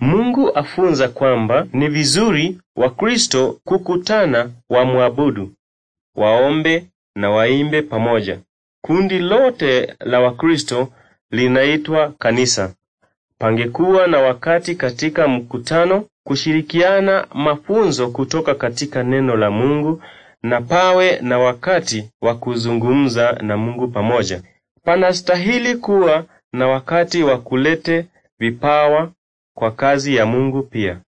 Mungu afunza kwamba ni vizuri Wakristo kukutana, wamwabudu, waombe na waimbe pamoja. Kundi lote la Wakristo linaitwa kanisa. Pangekuwa na wakati katika mkutano kushirikiana mafunzo kutoka katika neno la Mungu na pawe na wakati wa kuzungumza na Mungu pamoja. Panastahili kuwa na wakati wa kulete vipawa kwa kazi ya Mungu pia.